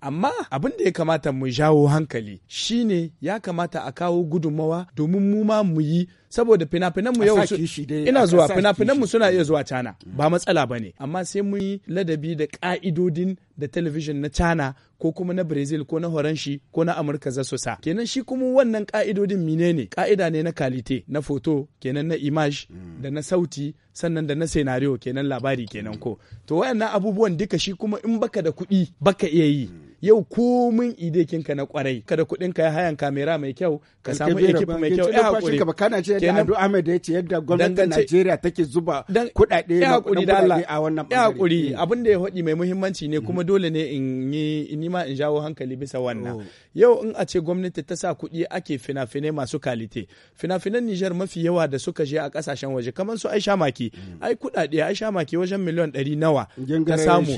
Amma abin da ya kamata mu jawo hankali shine ya kamata a kawo gudunmawa domin mu ma mu yi saboda fina-finanmu yau su ina zuwa fina-finanmu suna iya zuwa cana ba matsala ba ne amma sai mu yi ladabi da ƙa'idodin da talabijin na China ko kuma na Brazil ko na Horanshi ko na Amurka za su sa. Kenan shi kuma wannan ka'idodin menene? Ka'ida ne na kalite na foto kenan na image mm. da na sauti sannan da na senario kenan labari kenan ko. To wayannan abubuwan duka shi kuma in baka da kuɗi baka iya yi. Mm. yau komin kinka na kwarai kada ka ya hayan kamera mai kyau ka samu ekip mai kyau ya hakuri ba kana ce yadda Ado Ahmed ya ce yadda gwamnatin Najeriya take zuba kuɗaɗe na hakuri da Allah a wannan ya hakuri mm. abin da ya hodi mai muhimmanci ne kuma mm. dole ne in yi in ma in jawo hankali bisa wannan oh. yau in a ce gwamnati ta sa kuɗi ake fina-finai masu kalite fina-finan Nijar mafi yawa da suka je a kasashen waje kamar su Aisha Maki mm. ai kuɗaɗe Aisha Maki wajen miliyan ɗari nawa ka samu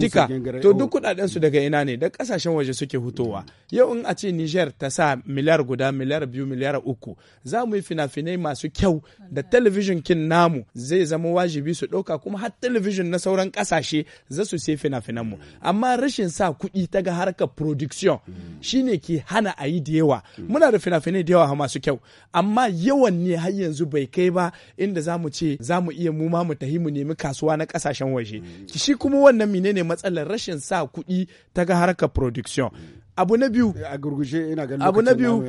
duka to duk oh. kuɗaɗen su daga ina ne da kasashen waje suke hutowa yau in a ce niger ta sa miliyar guda miliyar biyu miliyar uku za mu yi fina-finai masu kyau da talabijin kin namu zai zama wajibi su ɗauka kuma har talabijin na sauran kasashe za su sai fina-finan mu mm. amma rashin sa kuɗi ta ga harkar production mm. shine ke hana a yi da yawa mm. muna da fina-finai da yawa masu kyau amma yawan ne har yanzu bai kai ba inda za mu ce za mu iya mu ma mu tahi mu nemi kasuwa na kasashen waje shi kuma wannan menene matsalar rashin sa kuɗi ta ga harkar production abu na biyu a gurguje ina ganin abu na biyu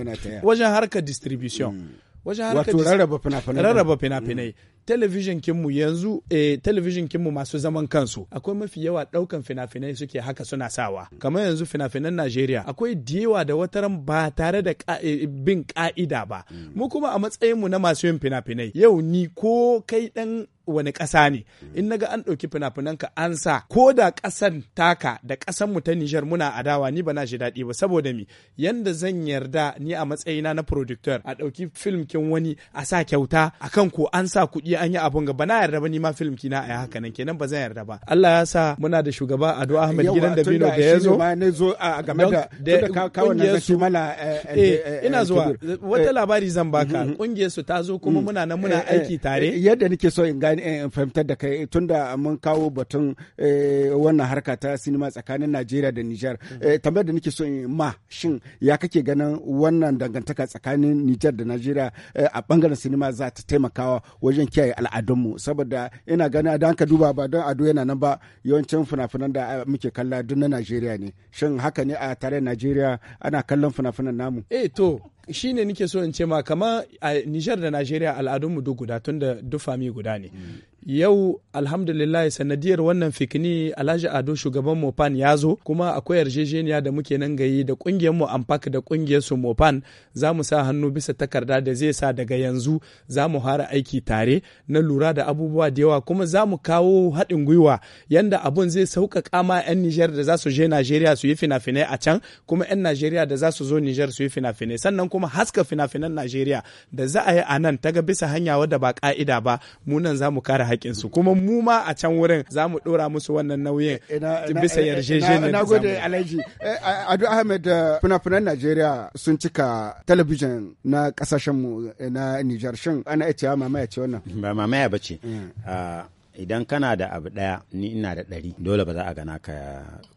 wajen harkar distribution mm. wajen harkar rarraba fina-finai talabijin kinmu yanzu eh talabijin kinmu masu zaman kansu akwai mafi yawa daukan fina-finai suke haka suna sawa kamar yanzu fina-finan Najeriya akwai diyewa da wataran ba tare da eh, bin ka'ida ba mm. mu kuma a matsayin mu na masu yin fina-finai yau ni ko kai dan wani ƙasa ne mm. in naga an ɗauki fina ka an sa ko da ƙasan taka da ƙasan mu ta Nijar muna adawa ni ba na shi daɗi ba saboda mi yanda zan yarda ni a matsayina na producer a ɗauki film kin wani a sa kyauta akan ko an sa kuɗi yi an yi abun gaba na yarda ba ni ma film kina a haka nan kenan ba zan yarda ba Allah ya sa muna da shugaba Ado Ahmed gidan da Bino da yazo zo ma ne zo a game da da kungiyar su mala eh, eh, eh, ina zuwa wata labari zan baka kungiyar mhm. su ta zo kuma mm. muna nan muna aiki tare yadda nake so in gani in fahimtar da kai tunda mun kawo batun wannan harka ta sinima tsakanin Najeriya da Niger mm. tambayar da nake so in ma shin ya kake ganin wannan dangantaka tsakanin Niger da Najeriya a bangaren sinima za ta taimakawa wajen kiyaye kiyaye al'adunmu saboda ina gani a ka duba ba don ado yana nan ba yawancin fina-finan da muke kalla duk na Najeriya ne shin haka ne a tare Najeriya ana kallon fina-finan namu e to shi ne nike so in ce ma kama a Nijar da Najeriya al'adunmu duk guda tun da dufami guda ne mm. yau alhamdulillah sanadiyar wannan fikini alhaji ado shugaban mopan ya zo kuma akwai yarjejeniya da muke nan gayi da kungiyar mu ampak da kungiyar su mopan za mu sa hannu bisa takarda da zai sa daga yanzu za mu fara aiki tare na lura da abubuwa da yawa kuma za mu kawo haɗin gwiwa yanda abun zai sauƙaƙa ma 'yan nijar da za su je najeriya su yi fina a can kuma 'yan najeriya da za su zo nijar su yi fina sannan kuma haska finafinan finan najeriya da za a yi a nan ta ga bisa hanya wadda ba ka'ida ba mu nan za mu kare haƙƙinsu kuma mu ma a can wurin za mu ɗora musu wannan nauyin eh, bisa eh, eh, yarjejeniyar na gode alhaji adu ahmed funafunan nigeria najeriya sun cika talabijin na ƙasashenmu na nijar shin ana iya cewa mamaya ce wannan ba mamaya ba ce mm. ah, idan kana da abu daya. ni ina da ɗari dole ba za a gana ka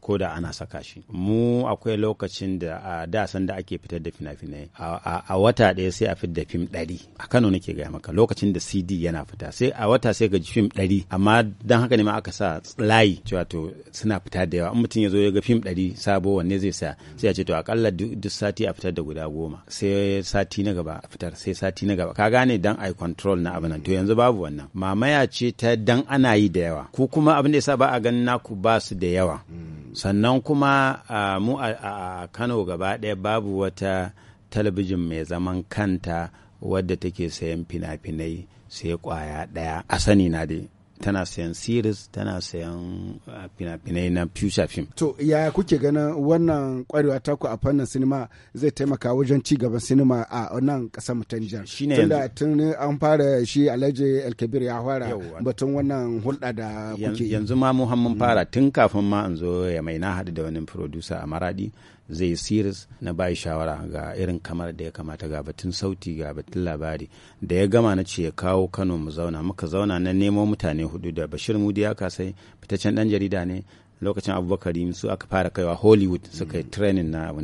ko da ana saka shi mu akwai lokacin da a da san da ake fitar da fina-finai a wata ɗaya sai a fitar da fim ɗari a kano nake gaya maka lokacin da cd yana fita sai a wata sai ga fim ɗari amma dan haka ne ma aka sa layi cewa to suna fita da yawa in mutum ya zo ya ga fim ɗari sabo wanne zai sa sai a ce to akalla duk sati a fitar da guda goma sai sati na gaba a fitar sai sati na gaba ka gane dan ai control na abin to yanzu babu wannan mamaya ce ta dan ana yi da yawa ku kuma abin da yasa ba a ganin naku ba su da yawa hmm. sannan kuma mu a Kano gaba ɗaya babu wata talabijin mai zaman kanta wadda take sayan fina-finai sai kwaya ɗaya a sani na dai tana sayan series tana sayan ah, fina-finai na future film to yaya kuke ganin wannan kwarewa taku a fannin sinima zai taimaka wajen ci gaban sinima a nan kasar ta Nijar tunda tun an fara shi Alhaji Alkabir ya fara batun wannan hulɗa da kuke yanzu ma Muhammad fara tun kafin ma an zo ya mai na haɗu da wani producer a Maradi zai siris na bayi shawara ga irin kamar da ya kamata ga batun sauti ga batun labari da ya gama na ce ya kawo kano mu zauna muka zauna na nemo mutane hudu da bashir mudi ya kasai fitaccen dan jarida ne lokacin abubakar su aka fara kaiwa hollywood suka yi training na abu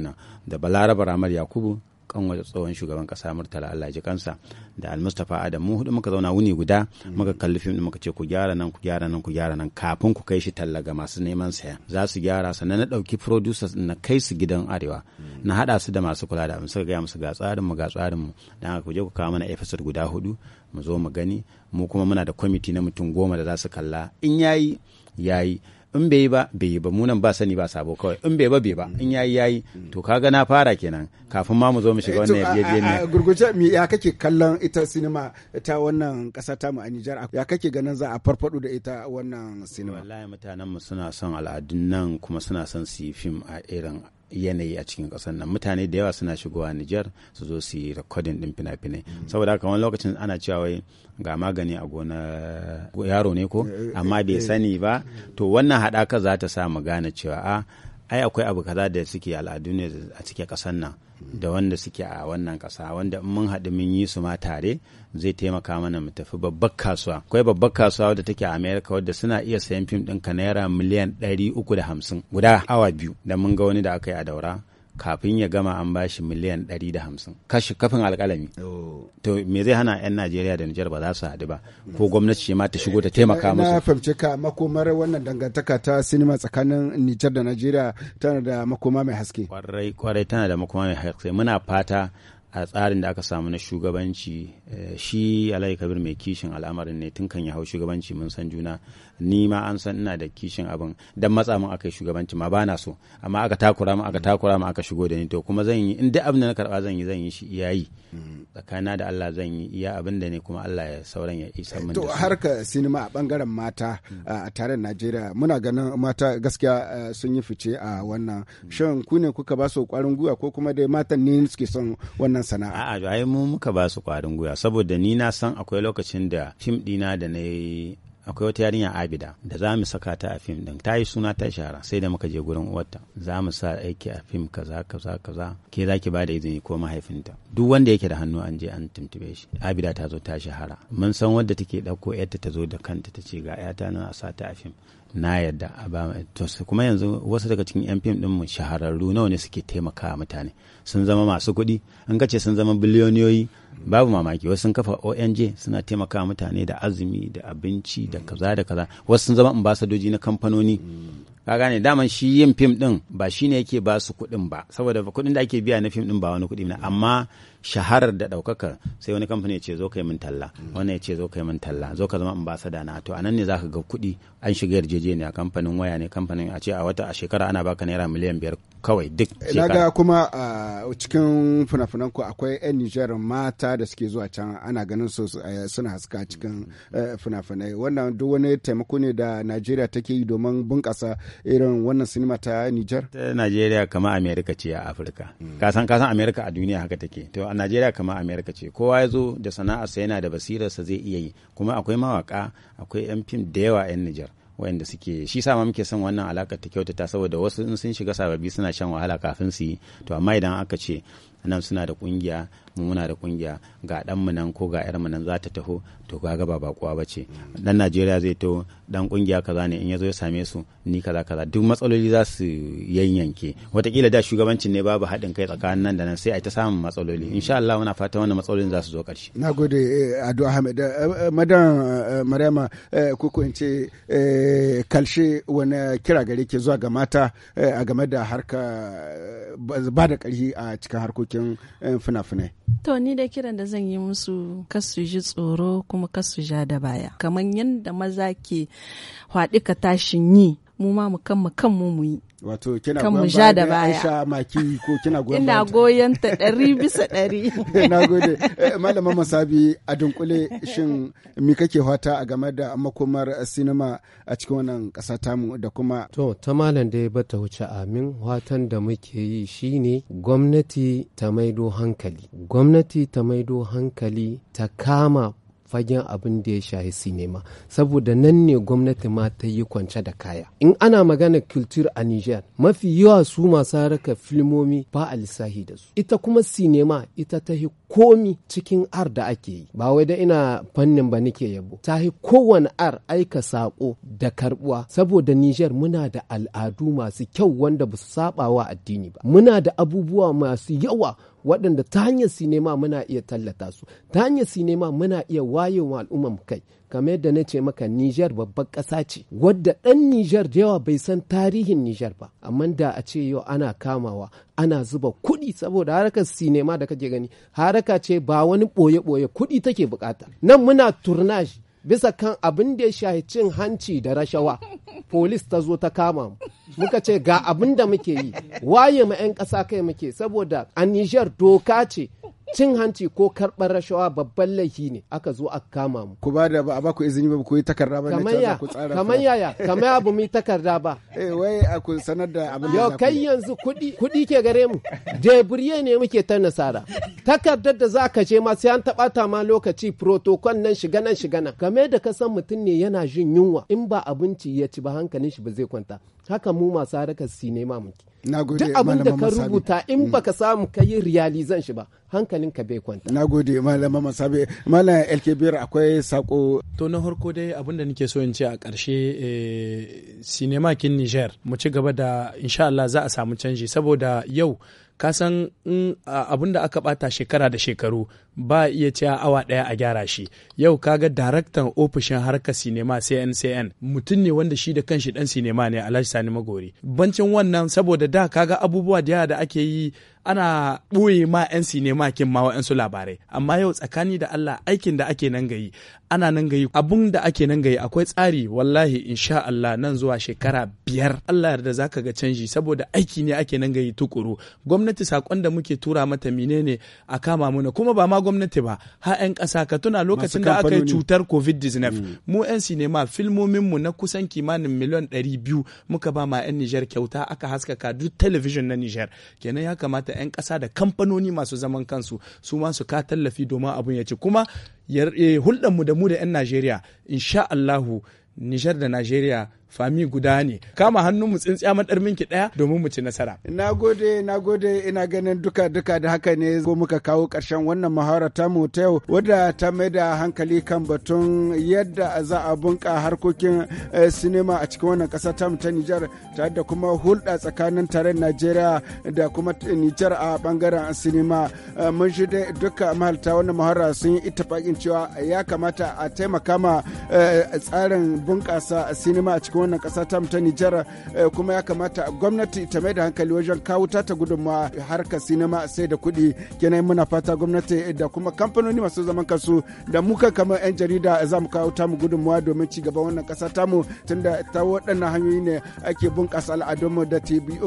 da balaraba ramar yakubu wajen tsohon shugaban kasa murtala allah ji kansa da almustapha adam mu hudu muka zauna wuni guda muka kalli fim muka ce ku gyara nan ku gyara nan ku gyara nan kafin ku kai shi talla ga masu neman saya za su gyara sannan na dauki producers na kai su gidan arewa na haɗa su da masu kula da suka gaya musu ga tsarin mu ga tsarin mu dan haka ku je ku kawo mana episode guda hudu mu zo mu gani mu kuma muna da kwamiti na mutum goma da za su kalla in yayi yayi in bai yi ba bai yi ba munan ba sani ba sabo kawai in bai ba bai ba in yayi yayi to kaga na fara kenan kafin ma mu zo mu shiga eh, wannan yarjejeniya gurguje mi ya kake kallon ita sinima ta wannan kasa ta mu a Nijar ya kake ganin za a farfado da ita wannan sinima wallahi mutanen mu suna son al'adun nan kuma suna son su yi fim a irin yanayi a cikin ƙasar nan mutane da yawa suna shigowa Nijar su zo su yi rikodin ɗin fina-finai saboda haka wani lokacin ana cewa wai ga magani a gona yaro ne ko eh, eh, amma bai eh, sani ba to wannan haɗaka za ta sa mu gane cewa a ah, ai akwai abu kaza da suke al'adu ne a cikin ƙasar nan da wanda suke a wannan ƙasa wanda mun haɗu mun yi su ma tare zai taimaka mana mu tafi babbar kasuwa akwai babbar kasuwa wadda take a america wadda suna iya sayan fim ɗinka naira miliyan ɗari uku da hamsin guda awa biyu da mun ga wani da aka yi a daura kafin ya gama an ba shi miliyan 150 kashi kafin alkalami oh. to me zai hana 'yan najeriya da nijar ba za su haɗu ba ko gwamnati ce ma ta shigo ta taimaka eh, musu na fahimci ka makomar wannan dangantaka ta sinima tsakanin nijar da najeriya tana da makoma mai haske kwarai kwarai tana da makoma mai haske muna fata a tsarin da aka samu na shugabanci eh, shi alai kabir mai kishin al'amarin ne tun kan ya hau shugabanci mun san juna ni ma an san ina da kishin abin dan matsa min aka shugabanci ma bana so amma aka takura min aka takura min aka shigo da ni to kuma zan yi in abin da na karba zan yi zan yi shi iyayi tsakanina da Allah zan yi iya abin da ne kuma Allah ya sauran ya isa mun to harka sinima a bangaren mata a tare Najeriya muna ganin mata gaskiya sun yi fice a wannan shin ku ne kuka ba su kwarin guya ko kuma dai matan ne suke son wannan sana'a a'a ai mu muka ba su kwarin guya saboda ni na san akwai lokacin da fim dina da na akwai wata yarinya abida da za mu saka ta a fim din ta yi suna ta shahara sai da muka je gurin uwarta za mu sa aiki a fim kaza kaza kaza ke za ki bada izini ko mahaifinta duk wanda yake da hannu an je an tuntube shi abida ta zo ta shahara mun san wadda take ɗauko yarta ta zo da kanta ta ce ga yata nan a sa ta a fim na yadda a ba kuma yanzu wasu daga cikin yan fim din mu shahararru nawa ne suke taimaka mutane sun zama masu kuɗi an kace sun zama biliyoniyoyi babu mamaki wasu sun kafa ONG suna taimaka mutane da azumi da abinci da kaza da kaza wasu sun zama ambasadoji na kamfanoni ka gane daman shi yin fim din ba shine yake ba su kuɗin ba saboda kuɗin da ake biya na fim din ba wani kuɗi ne amma shaharar da ɗaukaka sai wani kamfani ya ce zo kai min talla wani ya ce zo kai min talla zo ka zama ambasada na to anan ne zaka ga kuɗi an shiga yarjejeniya kamfanin waya ne kamfanin a ce a wata a shekara ana baka naira miliyan biyar kawai duk eh, shekara. ga kuma a ah, cikin funafunan ku akwai 'yan Nijar mata da suke zuwa can ana ganin su eh, suna haska cikin eh, funafunai wannan duk wani taimako ne da Najeriya take yi domin bunƙasa irin wannan sinima ta Nijar. Ta Najeriya kamar Amerika ce a Afirka. Kasan kasan Amerika a duniya haka take. To a najeriya kamar amerika ce kowa ya zo da sana'arsa yana da basirarsa zai iya yi kuma akwai mawaka akwai yan fim da yawa a yan nijar wayanda suke shi sa ma muke son wannan alakar ta kyautata saboda wasu in sun shiga sababbi suna shan wahala kafin su yi to amma idan aka ce nan suna da kungiya mu muna da kungiya ga dan mu nan ko ga yar mu nan za ta taho to kaga ba kuwa bace dan Najeriya zai to dan kungiya kaza ne in yazo ya same su ni kaza kaza duk matsaloli za su yanyanke watakila da shugabancin ne babu haɗin kai tsakanin nan da nan sai a ta samun matsaloli insha Allah muna fata wannan matsalolin za su zo ƙarshe nagode eh, Ado Ahmed eh, eh, madan Maryama ko ko in ce kalshe wani kira gare ke zuwa ga mata eh, a game da harka eh, ba da ƙarfi a cikin harkokin eh, fina-finai to ni da kiran da zan yi musu kasu ji tsoro kuma kasu ja da baya kamar yadda maza ke ka tashin yi mu ma mu kan mu kan mu yi wato kina goyon baya da Aisha Maki ko kina goyon ina goyon ta ɗari bisa ɗari na gode eh, malama masabi a dunkule shin me kake fata a game da makomar sinima a cikin wannan ƙasa tamu da kuma to ta malam dai bata wuce amin watan da muke yi shine gwamnati ta maido hankali gwamnati ta maido hankali ta kama fagen abin da ya shahi sinema saboda nan ne gwamnati ma ta yi kwance da kaya in ana magana culture a niger mafi yawa su masu haraka filmomi ba a lissahi da su ita kuma sinema ita ta yi komi cikin ar da ake yi ba wai da ina fannin ba nike yabo ta yi kowane ar aika sako da karbuwa saboda niger muna da al'adu masu kyau wanda ba su saba wa addini ba muna da abubuwa masu yawa waɗanda ta hanyar sinema muna iya tallata su ta hanyar sinema muna iya wayewa al'umman kai kamar yadda na ce maka Nijar babban ƙasa ce wadda ɗan Nijar da yawa bai san tarihin Nijar ba amma da a ce yau ana kamawa ana zuba kuɗi saboda harakar sinema da kake gani haraka ce ba wani ɓoye-ɓoye kuɗi take bukata nan muna turnashi bisa kan abin da ya shahi cin hanci da rashawa polis ta zo ta kama mu muka ce ga abin da muke yi waye ma 'yan ƙasa kai muke saboda a Nijar doka ce cin hanci ko karɓar rashawa babban laifi ne aka zo aka kama mu. Ku ba da ba a baku izini ba ku yi takarda ba ne ta ku tsara. Kamar yaya kamar ya mu yi takarda ba. Eh wai a ku sanar da abin da Yau kai yanzu kuɗi kuɗi ke gare mu. Debriye ne muke ta nasara. Takardar da za ka je ma sai an taɓa ta ma lokaci protocol nan shiga nan shiga nan. Game da ka san mutum ne yana jin yunwa in ba abinci ya ci ba hankalin shi ba zai kwanta. haka mu masu harkar sinema muke duk abin da ka rubuta in mm. baka samu ka yi realizan shi ba hankalin ka bai kwanta nagode malama masabe malam elkebir akwai sako to na harko dai abin da nake so in ce a ƙarshe eh, sinema kin niger mu ci gaba da insha Allah za a samu canji saboda yau ka san abin aka bata shekara da shekaru ba iya cewa awa ɗaya a gyara shi yau kaga daraktan ofishin harkar sinema cncn mutum ne wanda shi da kanshi dan sinema ne alhaji sani magori bancin wannan saboda da kaga abubuwa da yawa da ake yi ana ɓoye ma 'yan sinema kin ma wa'yansu labarai amma yau tsakani da Allah aikin da ake nan gayi ana nan gayi abun da ake nan gayi akwai tsari wallahi insha Allah nan zuwa shekara biyar Allah yarda zaka ga canji saboda aiki ne ake nan gayi tukuru gwamnati sakon da muke tura mata menene a kama muna kuma ba ma gwamnati ba har 'yan ƙasa ka tuna lokacin da aka yi cutar covid-19 mm. mu 'yan sinima filmomin mu na kusan kimanin miliyan 200 muka ba ma 'yan Nijar kyauta aka haskaka duk talabijin na Nijar kenan ya kamata 'yan ƙasa da kamfanoni masu zaman kansu su ma su ka tallafi domin abun ya ci kuma eh, hulɗar mu da mu da 'yan Najeriya insha Allahu Nijar da Najeriya fami guda ne kama hannun mu tsintsiya madar minki daya domin mu ci nasara na gode ina ganin duka duka da haka ne ko muka kawo karshen wannan muhawara ta mu ta yau wadda ta mai da hankali kan batun yadda za a bunka harkokin eh, sinima a cikin wannan kasa ta ta Nijar ta da kuma hulɗa tsakanin tarin Najeriya da kuma Nijar a bangaren sinima eh, mun shi dai duka mahalta wannan muhawara sun yi ittifakin cewa ya kamata a taimaka ma eh, tsarin bunkasa sinima a cikin wannan ƙasa ta ta Nijar eh, kuma ya kamata gwamnati ta mai da hankali wajen kawo ta ta gudunmawa harkar sinima sai da kuɗi kenan muna fata gwamnati da kuma kamfanoni masu zaman kansu da muka kan kamar 'yan jarida za mu kawo ta mu gudunmawa domin ci gaban wannan ƙasa ta mu tunda ta waɗannan hanyoyi ne ake bunƙasa al'adunmu da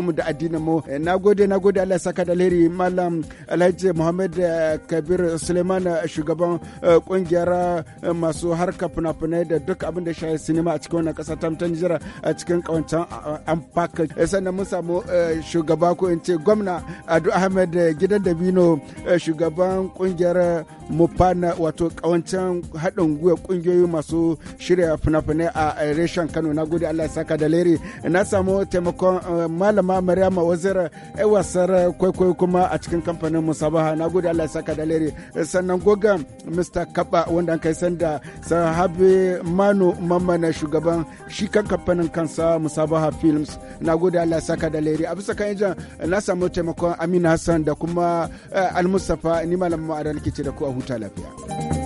mu da addininmu eh, na gode na gode Allah saka da alheri malam alhaji muhammad eh, kabir suleiman shugaban kungiyar masu harka fina-finai da duk abin da shaye sinima a cikin wannan ƙasa ta Nijar a cikin kawancan Amfak. Eh, sannan mun samu eh, shugaba ko in ce gwamna Adu Ahmed eh, gidan Dabino shugaban kungiyar Mufana wato kawancan haɗin gwiwa kungiyoyi masu shirya fina-finai a reshen Kano. Na gode Allah saka da leri. Na samu taimakon malama Maryama Wazir wasar kwaikwayo kuma a cikin kamfanin Musabaha. Na gode Allah saka da leri. Sannan goga Mr. Kaba wanda an kai sanda sahabi Manu Mamman shugaban shi kanka kamfanin kansa musabaha films na gode allah saka da leri a bisa kan ijan na samu taimakon amina hassan da kuma eh, almustapha ni malam ma'adar ke ce da ku a huta lafiya.